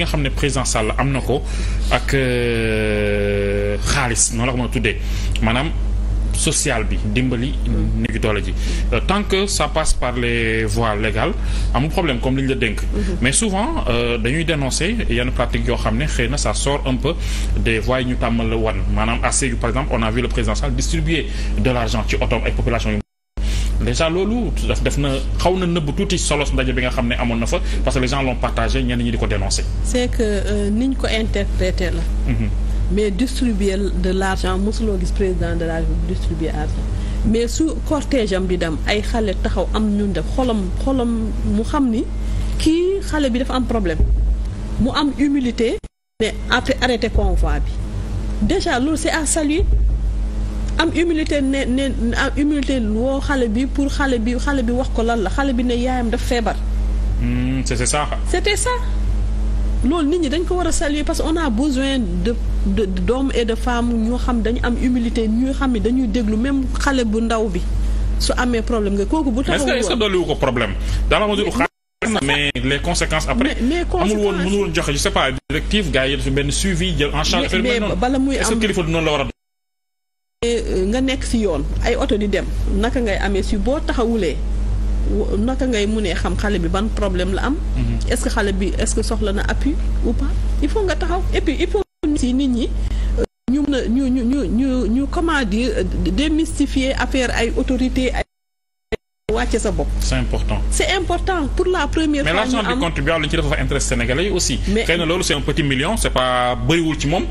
nga xam ne président Sall am na ko ak euh, xaalis noonu la ko mën tuddee maanaam social bi dimbali mm-hmm. néegi doole ji euh, tant que ça passe par les voies légales amul problème comme li ñu la dénk mm-hmm. mais souvent euh, dañuy dénoncer yenn pratique yoo xam ne xëy na ça sort un peu des voies yi ñu tàmmal la maanaam à Sédhiou par exemple on a vu le président distribuer de l'argent ci otoom ay population déjà loolu daf def na xaw na nëbb tuuti solos ndaje bi nga xam ne amoon na fa parce que les gens l'ont partagé ñenn ñi di ko dénoncer. c'est que euh, niñ ko interprété la. Mhm. mais distribuer de l'argent mosuloo gis président de la République distribuer mais su cortège am di dem ay xale taxaw am ñun def xolam xolam mu xam ni kii xale bi dafa am problème mu am humilité ne arrêté convoi bi déjà loolu c'est à saluer am humilité ne ne am humilité woo xale bi pour xale bi xale bi wax ko lan la xale bi ne yaayam def feebar. Hmm, c'était ça. c'était ça loolu nit ñi dañ ko war a saluer parce que on a besoin de de d'hommes et de femmes ñoo xam dañu am humilité ñuy xam ni dañuy déglu même xale bu ndaw bi su amee problème nga kooku bu. taxawul woon est-ce que dolliwu ko problème dans la mesure mais les conséquences après. mais amul bala muy am est-ce noonu la war Euh, nga nekk ci yoon ay oto di dem naka ngay amee si boo taxawulee naka ngay munee xam xale bi ban problème la am. Mm-hmm. est-ce que xale bi est-ce que soxla na appui ou pas il faut nga taxaw et puis il faut si nit ñi euh, ñu mun ñu ñu ñu ñu ñu comment dire démystifier affaire ay autorité ay. wàcce sa bopp. c'est important c'est important pour la première. fois ñu am mais l'argent du na loolu c'est un petit million c'est pas bëriwul ci moom